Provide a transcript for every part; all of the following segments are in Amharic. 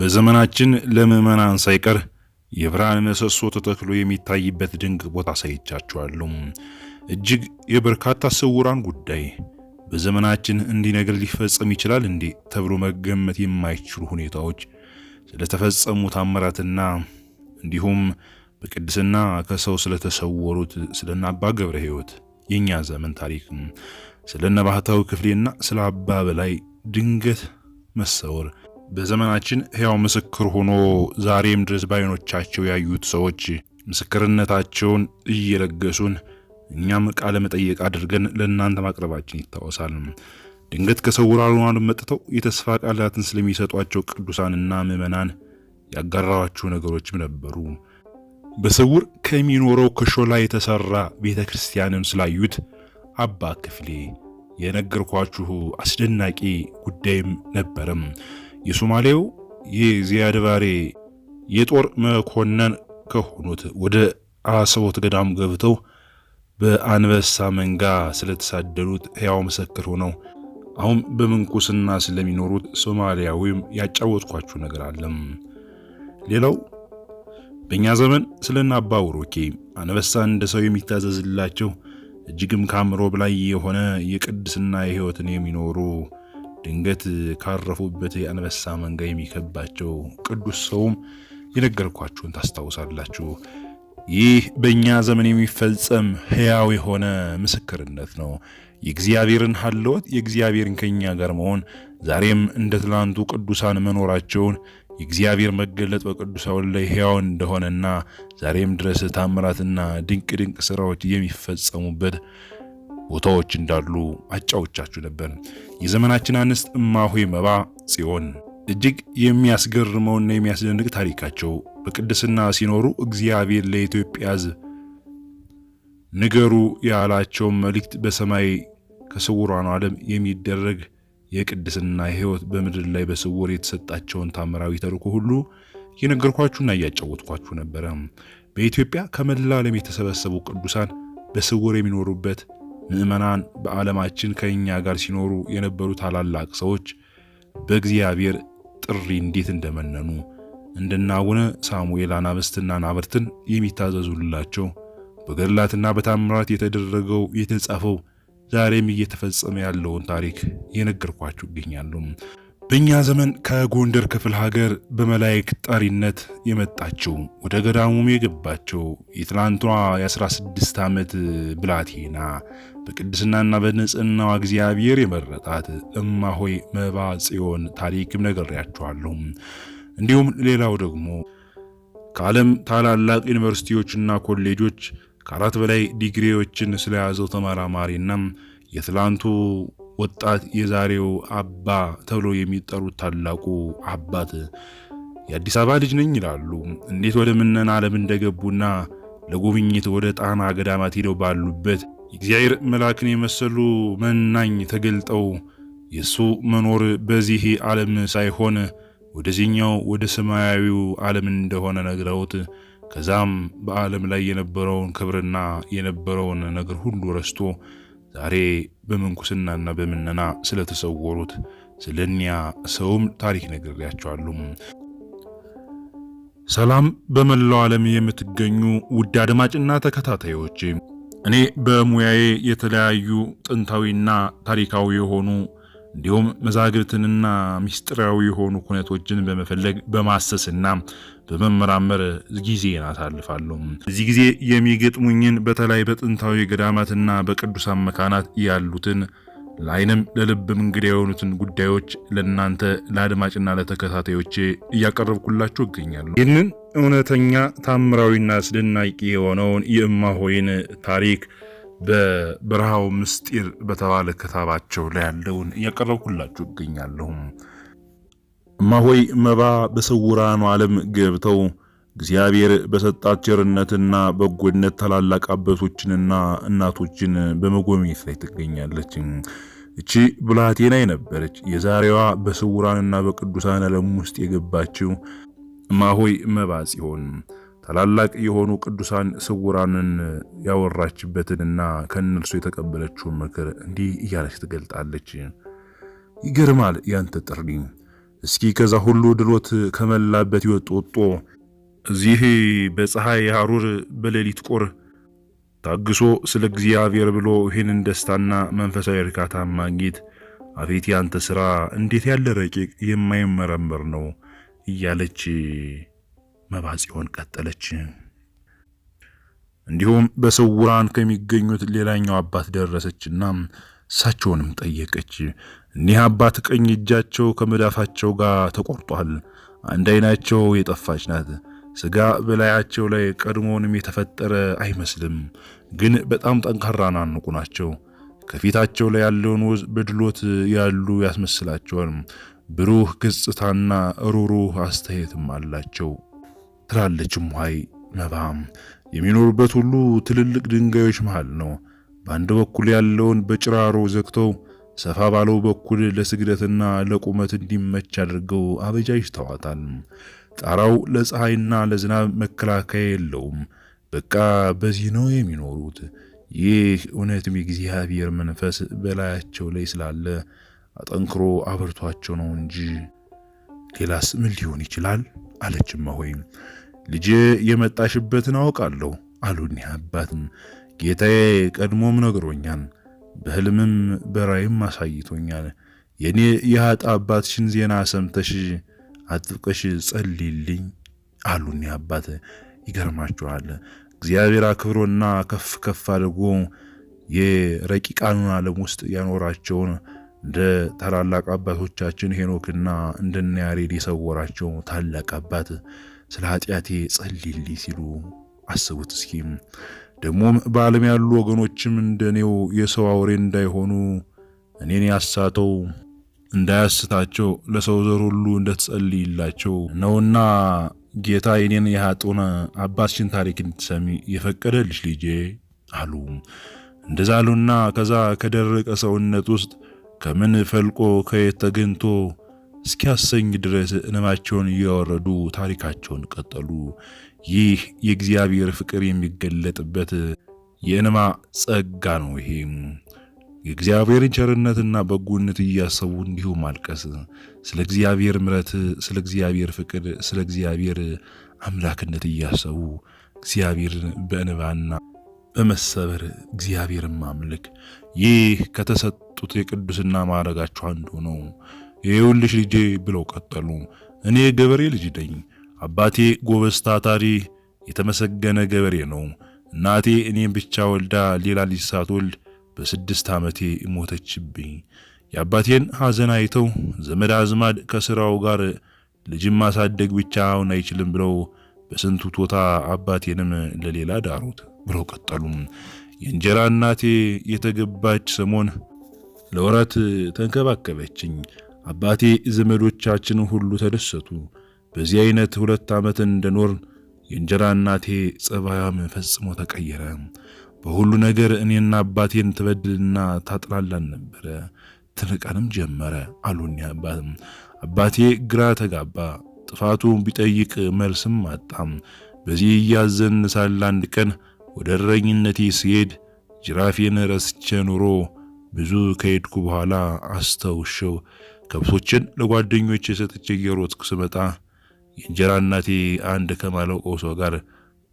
በዘመናችን ለምዕመናን ሳይቀር የብርሃን ምሰሶ ተተክሎ የሚታይበት ድንቅ ቦታ አሳይቻችኋለሁ። እጅግ የበርካታ ስውራን ጉዳይ በዘመናችን እንዲህ ነገር ሊፈጸም ይችላል እንዴ ተብሎ መገመት የማይችሉ ሁኔታዎች ስለተፈጸሙ ታምራትና እንዲሁም በቅድስና ከሰው ስለተሰወሩት ስለነ አባ ገብረ ሕይወት የእኛ ዘመን ታሪክ ስለነ ባህታዊ ክፍሌና ስለ አባ በላይ ድንገት መሰወር በዘመናችን ሕያው ምስክር ሆኖ ዛሬም ድረስ ባይኖቻቸው ያዩት ሰዎች ምስክርነታቸውን እየለገሱን እኛም ቃለ መጠየቅ አድርገን ለእናንተ ማቅረባችን ይታወሳል። ድንገት ከሰውራሉናሉ መጥተው የተስፋ ቃላትን ስለሚሰጧቸው ቅዱሳንና ምዕመናን ያጋራኋችሁ ነገሮችም ነበሩ። በስውር ከሚኖረው ከሾላ የተሰራ ቤተ ክርስቲያንን ስላዩት አባ ክፍሌ የነገርኳችሁ አስደናቂ ጉዳይም ነበረም። የሶማሌው የዚያድ ባሬ የጦር መኮንን ከሆኑት ወደ አሰቦት ገዳም ገብተው በአንበሳ መንጋ ስለተሳደዱት ሕያው ምስክር ሆነው አሁን በምንኩስና ስለሚኖሩት ሶማሊያዊም ያጫወትኳችሁ ነገር አለም። ሌላው በእኛ ዘመን ስለና ውሮኬ አንበሳ እንደ ሰው የሚታዘዝላቸው እጅግም ከአእምሮ በላይ የሆነ የቅድስና የሕይወትን የሚኖሩ ድንገት ካረፉበት የአንበሳ መንጋ የሚከባቸው ቅዱስ ሰውም የነገርኳችሁን ታስታውሳላችሁ። ይህ በእኛ ዘመን የሚፈጸም ሕያው የሆነ ምስክርነት ነው። የእግዚአብሔርን ሀለወት የእግዚአብሔርን ከኛ ጋር መሆን ዛሬም እንደ ትላንቱ ቅዱሳን መኖራቸውን የእግዚአብሔር መገለጥ በቅዱሳን ላይ ሕያው እንደሆነና ዛሬም ድረስ ታምራትና ድንቅ ድንቅ ስራዎች የሚፈጸሙበት ቦታዎች እንዳሉ አጫዎቻችሁ ነበር። የዘመናችን አንስት እማሆይ መባ ጽዮን እጅግ የሚያስገርመውና የሚያስደንቅ ታሪካቸው በቅድስና ሲኖሩ እግዚአብሔር ለኢትዮጵያ ሕዝብ ንገሩ ያላቸውን መልእክት በሰማይ ከስውሯን ዓለም የሚደረግ የቅድስና ሕይወት በምድር ላይ በስውር የተሰጣቸውን ታምራዊ ተርኮ ሁሉ እየነገርኳችሁና እያጫወትኳችሁ ነበረ። በኢትዮጵያ ከመላ ዓለም የተሰበሰቡ ቅዱሳን በስውር የሚኖሩበት ምእመናን በዓለማችን ከእኛ ጋር ሲኖሩ የነበሩ ታላላቅ ሰዎች በእግዚአብሔር ጥሪ እንዴት እንደመነኑ እንድናውነ ሳሙኤል አናብስትና ናብርትን የሚታዘዙላቸው በገድላትና በታምራት የተደረገው የተጻፈው ዛሬም እየተፈጸመ ያለውን ታሪክ የነገርኳችሁ ይገኛሉ። በእኛ ዘመን ከጎንደር ክፍል ሀገር በመላይክ ጠሪነት የመጣችው ወደ ገዳሙም የገባችው የትላንቷ የ16 ዓመት ብላቴና በቅድስናና በንጽህናዋ እግዚአብሔር የመረጣት እማሆይ መባ ጽዮን ታሪክም ነግሬያችኋለሁ። እንዲሁም ሌላው ደግሞ ከዓለም ታላላቅ ዩኒቨርሲቲዎችና ኮሌጆች ከአራት በላይ ዲግሪዎችን ስለያዘው ተመራማሪና የትላንቱ ወጣት የዛሬው አባ ተብሎ የሚጠሩት ታላቁ አባት የአዲስ አበባ ልጅ ነኝ ይላሉ። እንዴት ወደ ምነን ዓለም እንደገቡና ለጉብኝት ወደ ጣና ገዳማት ሄደው ባሉበት የእግዚአብሔር መልአክን የመሰሉ መናኝ ተገልጠው የእሱ መኖር በዚህ ዓለም ሳይሆን ወደዚህኛው ወደ ሰማያዊው ዓለም እንደሆነ ነግረውት ከዛም በዓለም ላይ የነበረውን ክብርና የነበረውን ነገር ሁሉ ረስቶ ዛሬ በምንኩስናና በምነና ስለተሰወሩት ስለኒያ ሰውም ታሪክ ነግሬያቸዋለሁ። ሰላም በመላው ዓለም የምትገኙ ውድ አድማጭና ተከታታዮች እኔ በሙያዬ የተለያዩ ጥንታዊና ታሪካዊ የሆኑ እንዲሁም መዛግብትንና ምስጢራዊ የሆኑ ኩነቶችን በመፈለግ በማሰስና በመመራመር ጊዜ አሳልፋለሁ። እዚህ ጊዜ የሚገጥሙኝን በተለይ በጥንታዊ ገዳማትና በቅዱሳን መካናት ያሉትን ለዓይንም ለልብም እንግዳ የሆኑትን ጉዳዮች ለእናንተ ለአድማጭና ለተከታታዮቼ እያቀረብኩላችሁ እገኛለሁ። ይህንን እውነተኛ ታምራዊና አስደናቂ የሆነውን የእማሆይን ታሪክ በበረሃው ምስጢር በተባለ ክታባቸው ላይ ያለውን እያቀረብኩላችሁ እገኛለሁ። እማሆይ መባ በስውራኑ ዓለም ገብተው እግዚአብሔር በሰጣት ቸርነትና በጎነት ታላላቅ አባቶችንና እናቶችን በመጎብኘት ላይ ትገኛለች። እቺ ብላቴና የነበረች የዛሬዋ በስውራንና በቅዱሳን ዓለም ውስጥ የገባችው ማሆይ መባጽ ይሆን ታላላቅ የሆኑ ቅዱሳን ስውራንን ያወራችበትንና ከእነርሱ የተቀበለችውን ምክር እንዲህ እያለች ትገልጣለች። ይገርማል ያንተ ጥሪ። እስኪ ከዛ ሁሉ ድሎት ከመላበት ይወጥ ወጦ እዚህ በፀሐይ ሐሩር በሌሊት ቁር ታግሶ ስለ እግዚአብሔር ብሎ ይህንን ደስታና መንፈሳዊ እርካታ ማግኘት አቤት ያንተ ሥራ እንዴት ያለ ረቂቅ የማይመረመር ነው እያለች መባጽዮን ቀጠለች። እንዲሁም በስውራን ከሚገኙት ሌላኛው አባት ደረሰችና እሳቸውንም ጠየቀች። እኒህ አባት ቀኝ እጃቸው ከመዳፋቸው ጋር ተቆርጧል። አንድ አይናቸው የጠፋች ናት። ስጋ በላያቸው ላይ ቀድሞውንም የተፈጠረ አይመስልም፣ ግን በጣም ጠንካራና ንቁ ናቸው። ከፊታቸው ላይ ያለውን ወዝ በድሎት ያሉ ያስመስላቸዋል። ብሩህ ገጽታና ሩሩህ አስተያየትም አላቸው ትላለችም ሀይ መባም። የሚኖሩበት ሁሉ ትልልቅ ድንጋዮች መሃል ነው። በአንድ በኩል ያለውን በጭራሮ ዘግተው ሰፋ ባለው በኩል ለስግደትና ለቁመት እንዲመች አድርገው አበጃጅተዋታል። ጣራው ለፀሐይና ለዝናብ መከላከያ የለውም። በቃ በዚህ ነው የሚኖሩት። ይህ እውነትም የእግዚአብሔር መንፈስ በላያቸው ላይ ስላለ አጠንክሮ አበርቷቸው ነው እንጂ ሌላስ ምን ሊሆን ይችላል? አለችማ ሆይም ልጄ የመጣሽበትን አውቃለሁ አሉኒ አባትም ጌታዬ ቀድሞም ነግሮኛል፣ በህልምም በራይም አሳይቶኛል። የኔ የሀጣ አባትሽን ዜና ሰምተሽ አጥብቀሽ ጸልይልኝ አሉኝ አባት። ይገርማችኋል እግዚአብሔር አክብሮና ከፍ ከፍ አድርጎ የረቂቃኑን ዓለም ውስጥ ያኖራቸውን እንደ ታላላቅ አባቶቻችን ሄኖክና እንደነ ያሬድ የሰወራቸው ታላቅ አባት ስለ ኃጢአቴ ጸልይልኝ ሲሉ አስቡት እስኪ። ደግሞም በዓለም ያሉ ወገኖችም እንደኔው የሰው አውሬ እንዳይሆኑ እኔን ያሳተው እንዳያስታቸው ለሰው ዘር ሁሉ እንደተጸልይላቸው ነውና ጌታ የኔን የሀጡን አባትሽን ታሪክ እንድትሰሚ የፈቀደልሽ ልጄ አሉ። እንደዛ አሉና ከዛ ከደረቀ ሰውነት ውስጥ ከምን ፈልቆ ከየት ተገኝቶ እስኪያሰኝ ድረስ እንባቸውን እያወረዱ ታሪካቸውን ቀጠሉ። ይህ የእግዚአብሔር ፍቅር የሚገለጥበት የእንባ ጸጋ ነው። ይሄም የእግዚአብሔርን ቸርነትና በጎነት እያሰቡ እንዲሁ ማልቀስ፣ ስለ እግዚአብሔር ምረት፣ ስለ እግዚአብሔር ፍቅር፣ ስለ እግዚአብሔር አምላክነት እያሰቡ እግዚአብሔርን በእንባና በመሰበር እግዚአብሔርን ማምልክ፣ ይህ ከተሰጡት የቅዱስና ማዕረጋቸው አንዱ ነው። ይኸውልሽ ልጄ ብለው ቀጠሉ። እኔ ገበሬ ልጅ ነኝ። አባቴ ጎበዝ ታታሪ፣ የተመሰገነ ገበሬ ነው። እናቴ እኔም ብቻ ወልዳ ሌላ ልጅ ሳትወልድ በስድስት ዓመቴ ሞተችብኝ። የአባቴን ሐዘን አይተው ዘመድ አዝማድ ከስራው ጋር ልጅም ማሳደግ ብቻውን አይችልም ብለው በስንቱ ቶታ አባቴንም ለሌላ ዳሩት ብለው ቀጠሉም። የእንጀራ እናቴ የተገባች ሰሞን ለወራት ተንከባከበችኝ። አባቴ ዘመዶቻችን ሁሉ ተደሰቱ። በዚህ አይነት ሁለት ዓመት እንደኖር የእንጀራ እናቴ ጸባያም ፈጽሞ ተቀየረ። በሁሉ ነገር እኔና አባቴን ትበድልና ታጥላላን ነበረ። ትንቀንም ጀመረ አሉኝ አባትም። አባቴ ግራ ተጋባ። ጥፋቱ ቢጠይቅ መልስም አጣም። በዚህ እያዘን ሳለ አንድ ቀን ወደ እረኝነቴ ስሄድ ጅራፌን ረስቼ ኑሮ ብዙ ከሄድኩ በኋላ አስተውሸው ከብቶችን ለጓደኞች ሰጥቼ እየሮጥኩ ስመጣ የእንጀራ እናቴ አንድ ከማላውቀው ጋር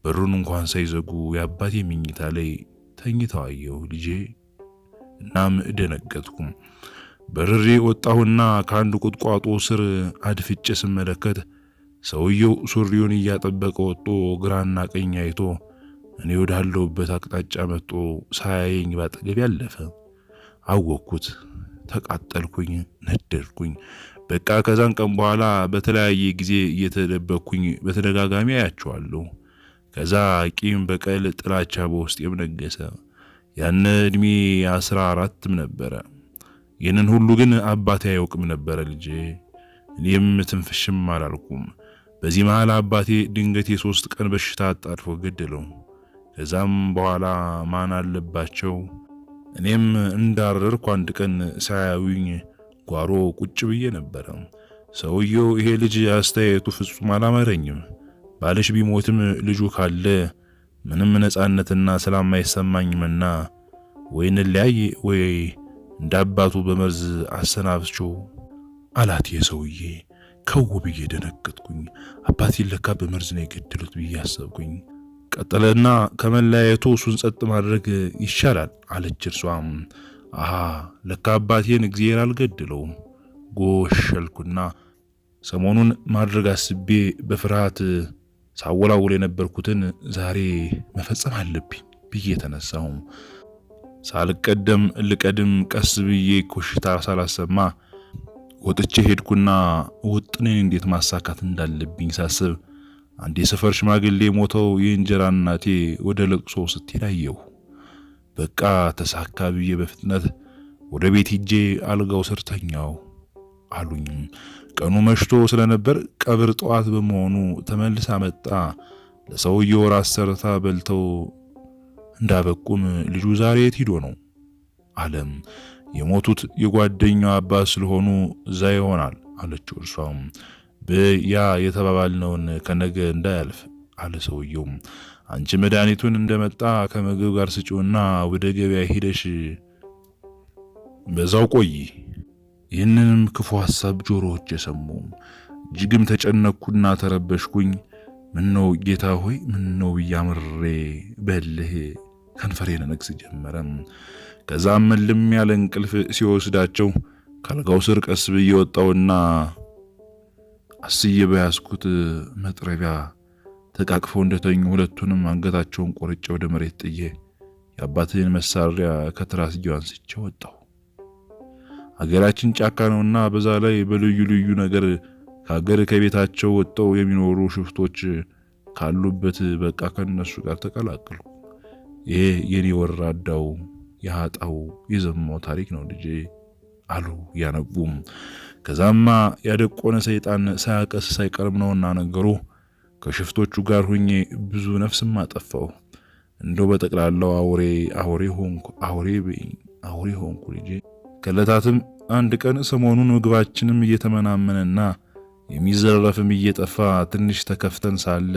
በሩን እንኳን ሳይዘጉ የአባቴ መኝታ ላይ ተኝተው አየሁ ልጄ። እናም ደነገጥኩም። በርሬ ወጣሁና ከአንድ ቁጥቋጦ ስር አድፍጬ ስመለከት ሰውየው ሱሪውን እያጠበቀ ወጥቶ ግራና ቀኝ አይቶ እኔ ወዳለሁበት አቅጣጫ መጥቶ ሳያየኝ ባጠገብ ያለፈ። አወቅኩት። ተቃጠልኩኝ፣ ነደድኩኝ። በቃ ከዛን ቀን በኋላ በተለያየ ጊዜ እየተደበቅኩኝ በተደጋጋሚ አያቸዋለሁ። ከዛ ቂም፣ በቀል፣ ጥላቻ በውስጤም ነገሰ። ያን እድሜ አስራ አራትም ነበረ። ይህንን ሁሉ ግን አባቴ አያውቅም ነበረ ልጄ። እኔም ትንፍሽም አላልኩም። በዚህ መሃል አባቴ ድንገት የሶስት ቀን በሽታ አጣድፎ ገደለው። ከዛም በኋላ ማን አለባቸው እኔም እንዳረርኩ አንድ ቀን ሳያዩኝ ጓሮ ቁጭ ብዬ ነበረ። ሰውየው ይሄ ልጅ አስተያየቱ ፍጹም አላመረኝም ባልሽ ቢሞትም ልጁ ካለ ምንም ነፃነትና ሰላም አይሰማኝምና ወይን ሊያይ ወይ እንደ አባቱ በመርዝ አሰናብቾ አላት። የሰውዬ ከው ብዬ ደነገጥኩኝ። አባቴ ለካ በመርዝ ነው የገደሉት ብዬ አሰብኩኝ። ቀጠለና ከመለያየቱ እሱን ጸጥ ማድረግ ይሻላል አለች። እርሷም አሀ ለካ አባቴን እግዚአብሔር አልገድለውም ጎሸልኩና ሰሞኑን ማድረግ አስቤ በፍርሃት ሳወላውል የነበርኩትን ዛሬ መፈጸም አለብኝ ብዬ የተነሳሁም ሳልቀደም ልቀድም ቀስ ብዬ ኮሽታ ሳላሰማ ወጥቼ ሄድኩና ውጥኔን እንዴት ማሳካት እንዳለብኝ ሳስብ አንድ የሰፈር ሽማግሌ ሞተው የእንጀራ እናቴ ወደ ለቅሶ ስትሄድ አየሁ። በቃ ተሳካ ብዬ በፍጥነት ወደ ቤት ሂጄ አልጋው ስር ተኛው አሉኝም። ቀኑ መሽቶ ስለነበር ቀብር ጠዋት በመሆኑ ተመልሳ መጣ። ለሰውየው ራስ ሰርታ በልተው እንዳበቁም ልጁ ዛሬ የት ሂዶ ነው? አለም የሞቱት የጓደኛው አባት ስለሆኑ እዛ ይሆናል አለችው። እርሷም በያ የተባባልነውን ከነገ እንዳያልፍ አለ ሰውየውም። አንቺ መድኃኒቱን እንደመጣ ከምግብ ጋር ስጪውና ወደ ገበያ ሄደሽ በዛው ቆይ ይህንንም ክፉ ሐሳብ ጆሮዎች የሰሙ እጅግም ተጨነቅኩና ተረበሽኩኝ። ምነው ጌታ ሆይ ምነው እያምሬ በልህ ከንፈሬን ነግስ ጀመረም። ከዛም እልም ያለ እንቅልፍ ሲወስዳቸው ካልጋው ስር ቀስ ብዬ ወጣውና አስዬ በያዝኩት መጥረቢያ ተቃቅፈው እንደተኙ ሁለቱንም አንገታቸውን ቆርጬ ወደ መሬት ጥዬ የአባትን መሳሪያ ከትራስጌው አንስቼ ወጣሁ። ሀገራችን ጫካ ነውና በዛ ላይ በልዩ ልዩ ነገር ከሀገር ከቤታቸው ወጥተው የሚኖሩ ሽፍቶች ካሉበት በቃ ከነሱ ጋር ተቀላቀሉ። ይሄ የኔ ወራዳው የሀጣው የዘማው ታሪክ ነው ልጄ አሉ ያነቡም። ከዛማ ያደቆነ ሰይጣን ሳያቀስ ሳይቀርም ነውና ነገሩ። ከሽፍቶቹ ጋር ሁኜ ብዙ ነፍስም አጠፋው። እንደው በጠቅላላው አውሬ አውሬ ሆንኩ፣ አውሬ አውሬ ሆንኩ ልጄ። ከለታትም አንድ ቀን ሰሞኑን ምግባችንም እየተመናመነና የሚዘረፍም እየጠፋ ትንሽ ተከፍተን ሳለ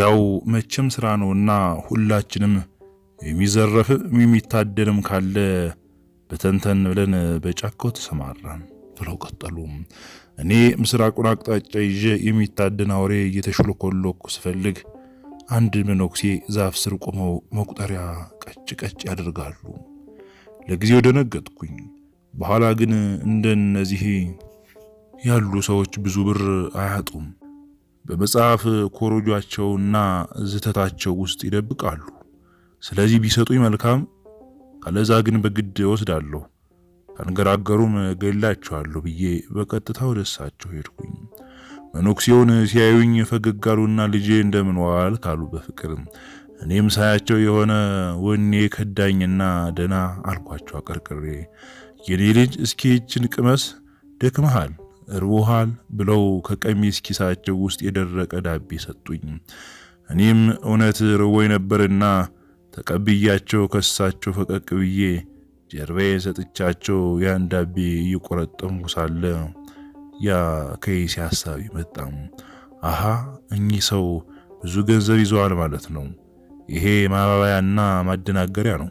ያው መቼም ስራ ነውና ሁላችንም የሚዘረፍ የሚታደንም ካለ በተንተን ብለን በጫካው ተሰማራን ብለው ቀጠሉ። እኔ ምስራቁን አቅጣጫ ይዤ የሚታደን አውሬ እየተሽሎኮሎኩ ስፈልግ አንድ መነኩሴ ዛፍ ስር ቆመው መቁጠሪያ ቀጭ ቀጭ ያደርጋሉ። ለጊዜው ደነገጥኩኝ። በኋላ ግን እንደነዚህ ያሉ ሰዎች ብዙ ብር አያጡም። በመጽሐፍ ኮሮጇቸውና ዝተታቸው ውስጥ ይደብቃሉ። ስለዚህ ቢሰጡኝ መልካም፣ ካለዛ ግን በግድ ወስዳለሁ፣ ከንገራገሩም ገላቸዋለሁ ብዬ በቀጥታ ወደ እሳቸው ሄድኩኝ። መነኩሴውን ሲያዩኝ ፈገግ አሉና ልጄ እንደምን ዋልክ አሉ በፍቅርም እኔም ሳያቸው የሆነ ወኔ ከዳኝና ደና አልኳቸው አቀርቅሬ። የኔ ልጅ እስኪ ይችን ቅመስ፣ ደክመሃል፣ እርቦሃል ብለው ከቀሚስ ኪሳቸው ውስጥ የደረቀ ዳቤ ሰጡኝ። እኔም እውነት ርቦኝ ነበርና ተቀብያቸው ከሳቸው ፈቀቅ ብዬ ጀርባዬ ሰጥቻቸው ያን ዳቤ እየቆረጠምኩ ሳለ ያ ከይሴ ሀሳብ ይመጣም። አሃ እኚህ ሰው ብዙ ገንዘብ ይዘዋል ማለት ነው ይሄ ማባባያና ማደናገሪያ ነው።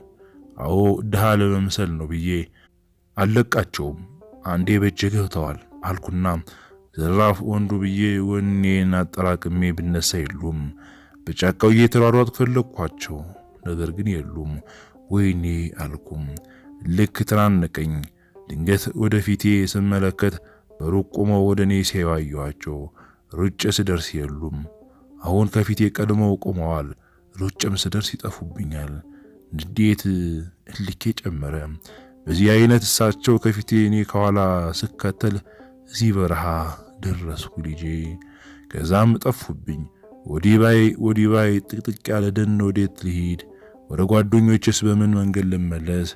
አዎ ድሃ ለመምሰል ነው ብዬ አለቃቸውም አንዴ በእጅህ ተዋል አልኩና ዘራፍ ወንዱ ብዬ ወኔን አጠራቅሜ ብነሳ የሉም። በጫካው እየተሯሯጥ ፈለግኳቸው፣ ነገር ግን የሉም። ወይኔ አልኩም። ልክ ተናነቀኝ። ድንገት ወደፊቴ ስመለከት በሩቅ ቆመው ወደ እኔ ሲያዩ አየኋቸው። ሩጬ ስደርስ የሉም። አሁን ከፊቴ ቀድመው ቆመዋል። ሩጭም ስደርስ ይጠፉብኛል። ንዴት እልኬ ጨመረ። በዚህ አይነት እሳቸው ከፊቴ እኔ ከኋላ ስከተል እዚህ በረሃ ደረስኩ ልጄ። ከዛም ጠፉብኝ። ወዲባይ ወዲባይ ጥቅጥቅ ያለ ደን ወዴት ልሂድ? ወደ ጓደኞችስ በምን መንገድ ልመለስ?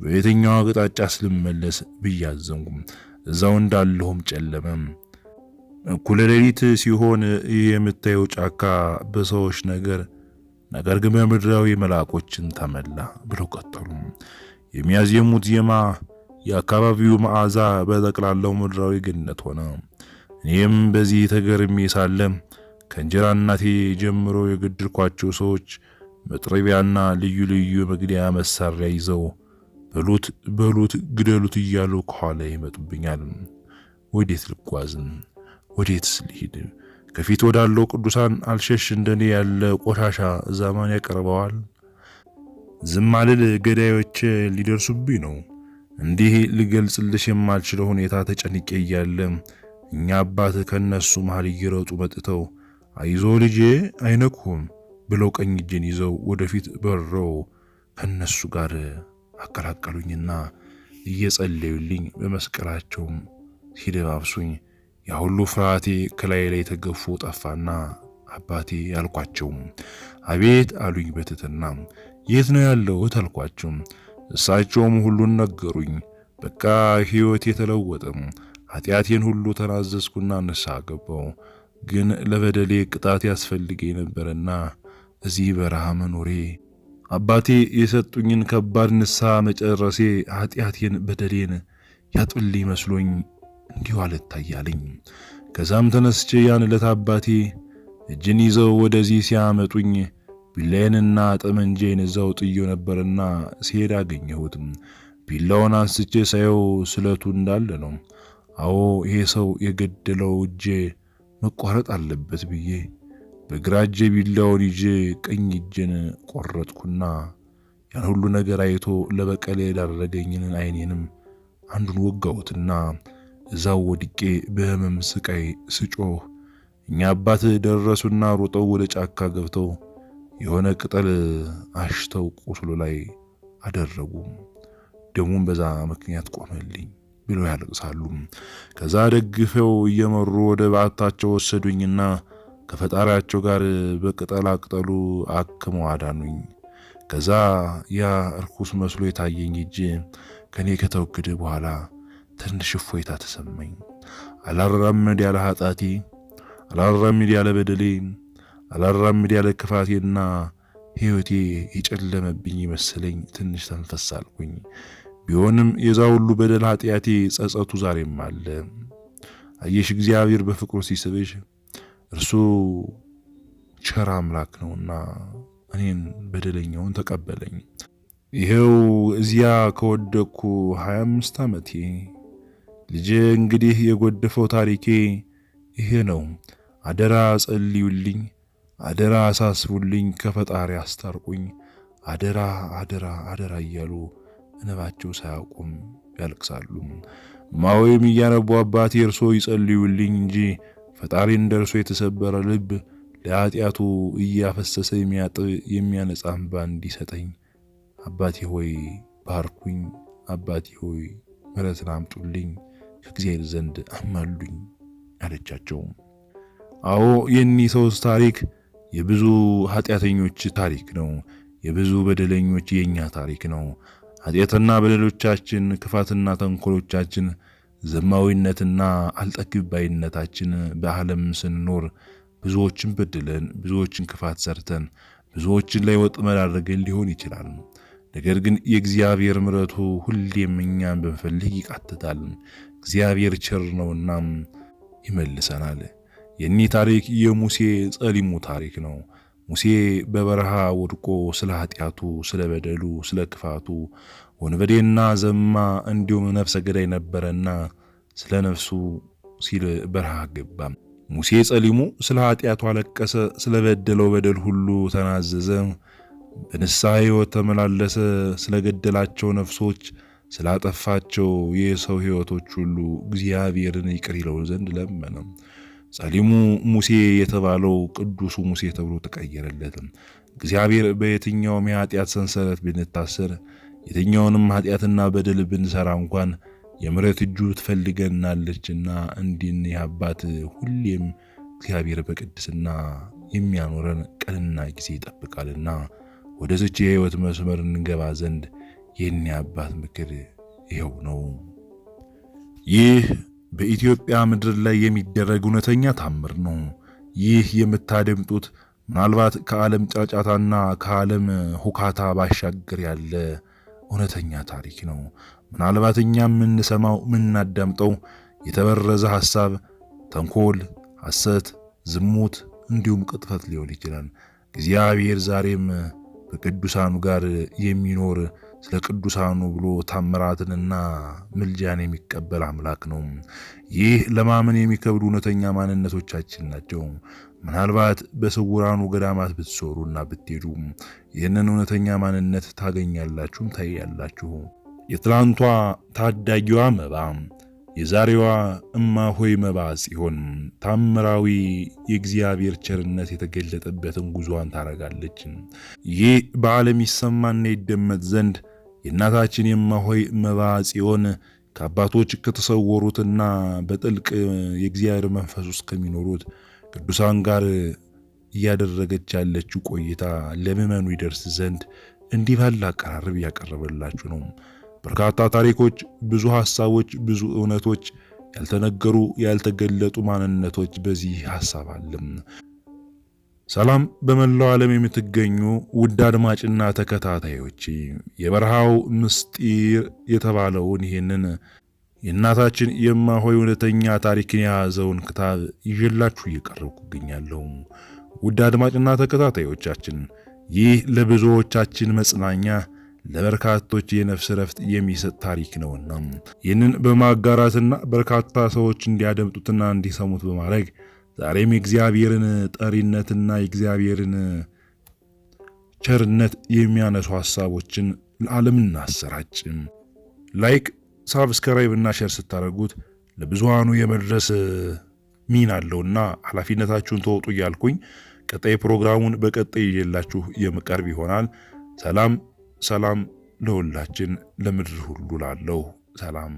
በየትኛው አቅጣጫስ ልመለስ ብያዘንኩ እዛው እንዳለሁም ጨለመም። እኩለ ሌሊት ሲሆን ይህ የምታየው ጫካ በሰዎች ነገር ነገር ግን በምድራዊ መልአኮችን ተመላ ብለው ቀጠሉ። የሚያዜሙት ዜማ የአካባቢው መዓዛ በጠቅላላው ምድራዊ ገነት ሆነ። እኔም በዚህ ተገርሜ ሳለ ከእንጀራ እናቴ ጀምሮ የገደልኳቸው ሰዎች መጥረቢያና ልዩ ልዩ መግደያ መሳሪያ ይዘው በሉት በሉት ግደሉት እያሉ ከኋላ ይመጡብኛል። ወዴት ልጓዝን ወዴትስ ልሂድ? ከፊት ወዳለው ቅዱሳን አልሸሽ እንደኔ ያለ ቆሻሻ ዛማን ያቀርበዋል። ዝም አልል፣ ገዳዮች ሊደርሱብኝ ነው። እንዲህ ልገልጽልሽ የማልችለው ሁኔታ ተጨንቄ እያለ እኛ አባት ከነሱ መሃል እየረጡ መጥተው አይዞ ልጄ አይነኩም ብለው ቀኝ እጄን ይዘው ወደፊት በረው ከነሱ ጋር አቀላቀሉኝና እየጸለዩልኝ በመስቀላቸውም ሲደባብሱኝ ያ ሁሉ ፍርሃቴ ከላይ ላይ ተገፎ ጠፋና አባቴ አልኳቸው። አቤት አሉኝ በትትና የት ነው ያለሁት አልኳቸው። እሳቸውም ሁሉን ነገሩኝ። በቃ ሕይወት የተለወጠም ኃጢአቴን ሁሉ ተናዘዝኩና ንስሐ ገባው። ግን ለበደሌ ቅጣት ያስፈልገ ነበርና እዚህ በረሃ መኖሬ አባቴ የሰጡኝን ከባድ ንስሐ መጨረሴ ኃጢአቴን በደሌን ያጥብልኝ መስሎኝ እንዲሁ አልታያለኝ። ከዛም ተነስቼ ያን ዕለት አባቴ እጅን ይዘው ወደዚህ ሲያመጡኝ ቢላዬንና ጠመንጄን እዛው ጥዮ ነበርና ሲሄድ አገኘሁት። ቢላውን አንስቼ ሳየው ስለቱ እንዳለ ነው። አዎ ይሄ ሰው የገደለው እጄ መቋረጥ አለበት ብዬ በግራ እጄ ቢላውን ይዤ ቀኝ እጄን ቆረጥኩና ያን ሁሉ ነገር አይቶ ለበቀል የዳረገኝን አይኔንም አንዱን ወጋሁትና እዛው ወድቄ በህመም ስቃይ ስጮህ እኛ አባት ደረሱና ሮጠው ወደ ጫካ ገብተው የሆነ ቅጠል አሽተው ቁስሉ ላይ አደረጉ። ደሙን በዛ ምክንያት ቆመልኝ ብለው ያለቅሳሉ። ከዛ ደግፈው እየመሩ ወደ በዓታቸው ወሰዱኝና ከፈጣሪያቸው ጋር በቅጠላ ቅጠሉ አክመው አዳኑኝ። ከዛ ያ እርኩስ መስሎ የታየኝ እጅ ከኔ ከተወገደ በኋላ ትንሽ እፎይታ ተሰማኝ። አላራምድ ያለ ኃጢአቴ፣ አላራምድ ያለ በደሌ፣ አላራምድ ያለ ክፋቴና ሕይወቴ የጨለመብኝ መሰለኝ። ትንሽ ተንፈስ አልኩኝ። ቢሆንም የዛ ሁሉ በደል ኃጢአቴ ጸጸቱ ዛሬም አለ። አየሽ እግዚአብሔር በፍቅሩ ሲስብሽ እርሱ ቸር አምላክ ነውና እኔን በደለኛውን ተቀበለኝ። ይኸው እዚያ ከወደቅኩ 25 ዓመቴ ልጅ እንግዲህ የጎደፈው ታሪኬ ይሄ ነው። አደራ ጸልዩልኝ፣ አደራ አሳስቡልኝ፣ ከፈጣሪ አስታርቁኝ፣ አደራ አደራ አደራ እያሉ እንባቸው ሳያውቁም ያልቅሳሉ። ማወይም እያነቡ አባቴ እርሶ ይጸልዩልኝ እንጂ ፈጣሪ እንደ እርሶ የተሰበረ ልብ ለኃጢአቱ እያፈሰሰ የሚያጥብ የሚያነጻ እንባ እንዲሰጠኝ አባቴ ሆይ ባርኩኝ፣ አባቴ ሆይ ምሕረትን አምጡልኝ ከእግዚአብሔር ዘንድ አማሉኝ አለቻቸው። አዎ የኒህ ሰውስ ታሪክ የብዙ ኃጢአተኞች ታሪክ ነው። የብዙ በደለኞች የእኛ ታሪክ ነው። ኃጢአትና በደሎቻችን፣ ክፋትና ተንኮሎቻችን፣ ዘማዊነትና አልጠግባይነታችን በዓለም ስንኖር ብዙዎችን በድለን ብዙዎችን ክፋት ሰርተን ብዙዎችን ላይ ወጥመድ አድርገን ሊሆን ይችላል። ነገር ግን የእግዚአብሔር ምረቱ ሁሌም እኛን በመፈለግ ይቃትታል። እግዚአብሔር ቸር ነውና ይመልሰናል። የኒህ ታሪክ የሙሴ ጸሊሙ ታሪክ ነው። ሙሴ በበረሃ ወድቆ ስለ ኃጢአቱ፣ ስለ በደሉ፣ ስለ ክፋቱ ወንበዴና ዘማ እንዲሁም ነፍሰ ገዳይ ነበረና ስለ ነፍሱ ሲል በረሃ ገባ። ሙሴ ጸሊሙ ስለ ኃጢአቱ አለቀሰ፣ ስለ በደለው በደል ሁሉ ተናዘዘ፣ በንስሐ ሕይወት ተመላለሰ። ስለ ገደላቸው ነፍሶች ስላጠፋቸው የሰው ሕይወቶች ሁሉ እግዚአብሔርን ይቅር ይለው ዘንድ ለመነም። ጸሊሙ ሙሴ የተባለው ቅዱሱ ሙሴ ተብሎ ተቀየረለትም። እግዚአብሔር በየትኛውም የኃጢአት ሰንሰለት ብንታሰር፣ የትኛውንም ኃጢአትና በደል ብንሰራ እንኳን የምሕረት እጁ ትፈልገናለችና እንዲን አባት ሁሌም እግዚአብሔር በቅድስና የሚያኖረን ቀንና ጊዜ ይጠብቃልና ወደ የሕይወት መስመር እንገባ ዘንድ የኔ አባት ምክር ይኸው ነው። ይህ በኢትዮጵያ ምድር ላይ የሚደረግ እውነተኛ ታምር ነው። ይህ የምታደምጡት ምናልባት ከዓለም ጫጫታና ከዓለም ሁካታ ባሻገር ያለ እውነተኛ ታሪክ ነው። ምናልባት እኛ የምንሰማው የምናዳምጠው የተበረዘ ሐሳብ፣ ተንኮል፣ ሐሰት፣ ዝሙት እንዲሁም ቅጥፈት ሊሆን ይችላል። እግዚአብሔር ዛሬም በቅዱሳኑ ጋር የሚኖር ስለ ቅዱሳኑ ብሎ ታምራትንና ምልጃን የሚቀበል አምላክ ነው። ይህ ለማመን የሚከብዱ እውነተኛ ማንነቶቻችን ናቸው። ምናልባት በስውራኑ ገዳማት ብትዞሩና ብትሄዱ ይህንን እውነተኛ ማንነት ታገኛላችሁም ታያላችሁ። የትላንቷ ታዳጊዋ መባ የዛሬዋ እማ ሆይ መባ ጽዮን ታምራዊ የእግዚአብሔር ቸርነት የተገለጠበትን ጉዟን ታረጋለች። ይህ በዓለም ይሰማና ይደመጥ ዘንድ የእናታችን የማሆይ መባ ጽዮን ከአባቶች ከተሰወሩትና በጥልቅ የእግዚአብሔር መንፈስ ውስጥ ከሚኖሩት ቅዱሳን ጋር እያደረገች ያለችው ቆይታ ለምዕመኑ ይደርስ ዘንድ እንዲህ ባለ አቀራረብ እያቀረበላችሁ ነው። በርካታ ታሪኮች፣ ብዙ ሐሳቦች፣ ብዙ እውነቶች፣ ያልተነገሩ ያልተገለጡ ማንነቶች በዚህ ሐሳብ አለም። ሰላም በመላው ዓለም የምትገኙ ውድ አድማጭና ተከታታዮች የበረሃው ምስጢር የተባለውን ይህንን የእናታችን የማሆይ እውነተኛ ታሪክን የያዘውን ክታብ ይዤላችሁ እየቀረብኩ እገኛለሁ። ውድ አድማጭና ተከታታዮቻችን ይህ ለብዙዎቻችን መጽናኛ ለበርካቶች የነፍስ ረፍት የሚሰጥ ታሪክ ነውና ይህንን በማጋራትና በርካታ ሰዎች እንዲያደምጡትና እንዲሰሙት በማድረግ ዛሬም የእግዚአብሔርን ጠሪነትና የእግዚአብሔርን ቸርነት የሚያነሱ ሀሳቦችን ለዓለም እናሰራጭም። ላይክ፣ ሳብስክራይብ እና ሸር ስታደርጉት ለብዙሃኑ የመድረስ ሚና አለውና ኃላፊነታችሁን ተወጡ እያልኩኝ ቀጣይ ፕሮግራሙን በቀጣይ ይዤላችሁ የምቀርብ ይሆናል። ሰላም ሰላም ለሁላችን ለምድር ሁሉ ላለው ሰላም